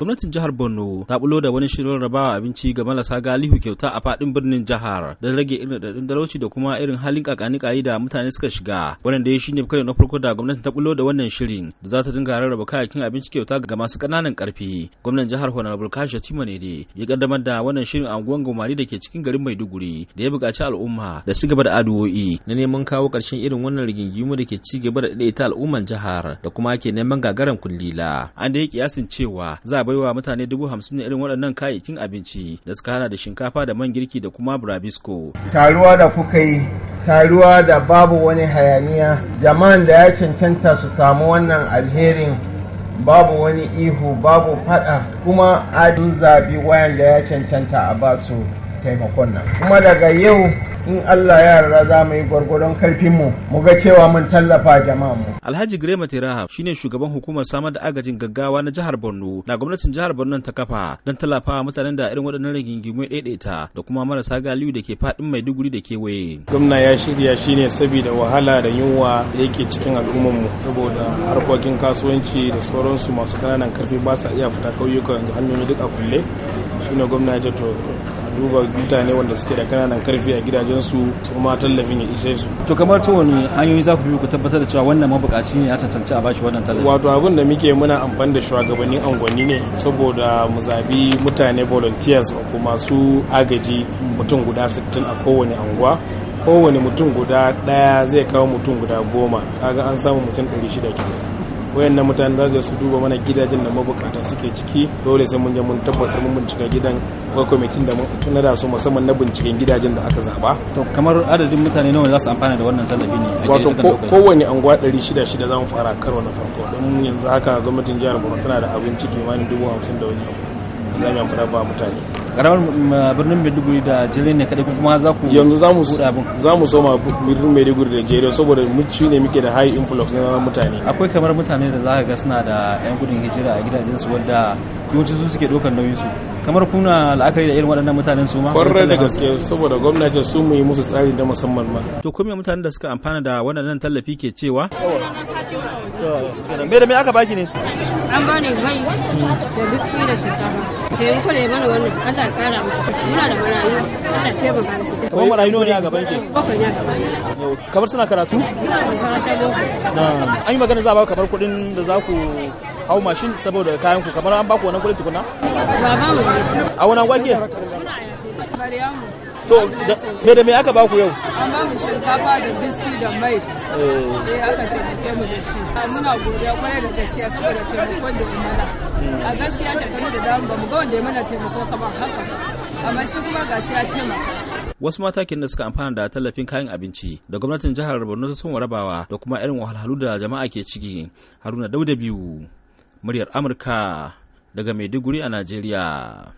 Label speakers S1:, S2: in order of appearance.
S1: Gwamnatin jihar Borno ta bulo da wani shirin rabawa abinci ga marasa galihu kyauta a fadin birnin jihar don rage irin daɗin talauci da kuma irin halin kakanikayi da mutane suka shiga. Wannan da shine karo na farko da gwamnatin ta bulo da wannan shirin da za ta dinga rarraba kayayyakin abinci kyauta ga masu ƙananan ƙarfi. Gwamnan jihar Honorable Kashi Tima ne ya kaddamar da wannan shirin a unguwar Gomari da ke cikin garin Maiduguri da ya buƙaci al'umma da su gaba da addu'o'i na neman kawo ƙarshen irin wannan rigingimu da ke ci gaba da daidaita al'umman jihar da kuma ke neman gagaran kullila. An da ya kiyasin cewa za baiwa mutane dubu hamsin ne irin waɗannan kayayyakin abinci da suka hana da shinkafa da man girki da kuma burabisko.
S2: Taruwa da kuka yi taruwa da babu wani hayaniya jama'an da ya cancanta su samu wannan alherin babu wani ihu babu faɗa, kuma adin zabi wayan da ya cancanta a basu taimakon nan kuma daga yau in Allah ya yarda za mu yi gwargwadon karfinmu mu ga cewa mun tallafa jama'a mu.
S1: Alhaji Grema Tiraha shine shugaban hukumar samar da agajin gaggawa na jihar Borno na gwamnatin jihar Borno ta kafa don wa mutanen da irin waɗannan rigingimu ɗaiɗaita da kuma marasa galiyu da ke
S2: faɗin Maiduguri da kewaye. Gwamna ya shirya shine saboda wahala da yunwa da yake cikin mu saboda harkokin kasuwanci da sauransu masu kananan karfi ba sa iya fita ƙauyuka yanzu hanyoyi duk a kulle shine gwamna ya to duba mutane wanda suke da kananan karfi a gidajensu su kuma tallafin ya ishe su
S1: to kamar ta wani hanyoyi za ku bi ku tabbatar da cewa wannan
S2: mabukaci ne ya tantance a bashi wannan tallafi wato abin da muke muna amfani da shugabannin angwani ne saboda mu zabi mutane volunteers ko masu agaji mutum guda 60 a kowane anguwa kowane mutum guda daya zai kawo mutum guda goma kaga an samu mutum 600 kenan na mutane za su duba mana gidajen da mabukata suke ciki dole sai mun je mun tabbatar mun bincika gidan akwai kwamitin da mun da su musamman na binciken gidajen da aka zaba to kamar adadin mutane nawa za su amfana da wannan tallafi ne wato kowane anguwa 600 za mu fara karo na farko don yanzu haka gwamnatin jihar Borno tana da abinci kimanin dubu hamsin da wani abu ana raba mutane
S1: karamar mm, birnin maiduguri da jere ne kadai kuma
S2: za ku yanzu za mu mu soma birnin maiduguri da jere saboda shi ne muke da high influx na mutane
S1: akwai kamar mutane da za ka ga suna da yan gudun hijira a gidajen su wadda yawanci su suke ɗaukar nauyin su kamar kuna la'akari da irin waɗannan mutanen su ma kwarar da gaske saboda gwamnati su mu yi musu tsari da musamman ma to kuma mutanen da suka amfana da waɗannan tallafi ke cewa
S2: to me da me aka baki ne an bani mai da biski da shinkafa taimako da ya bani wannan Allah ya kara mata muna da marayu Allah taimaka musu kamar marayu ne a gaban ke
S1: bakwai ya a gaban kamar suna karatu
S2: suna makaranta lokacin
S1: an yi magana za a ba kamar kuɗin da za ku hau mashin saboda kayan ku kamar an ba ku wannan kuɗin tukuna ba
S2: ba mu a wannan gwage Maryamu to me
S1: da me aka baku yau
S2: an ba mu shinkafa da biski da mai eh, eh aka taimake mu da shi muna godiya kwarai da gaskiya saboda taimakon da mana hmm. a gaskiya
S1: kamar da damu ba mu ga wanda ya mana taimako kamar haka amma shi kuma gashi ya taimaka wasu matakin da suka amfana da tallafin kayan abinci da gwamnatin jihar borno ta sun rabawa da kuma irin wahalhalu da jama'a ke ciki haruna dauda biyu muryar amurka daga maiduguri a najeriya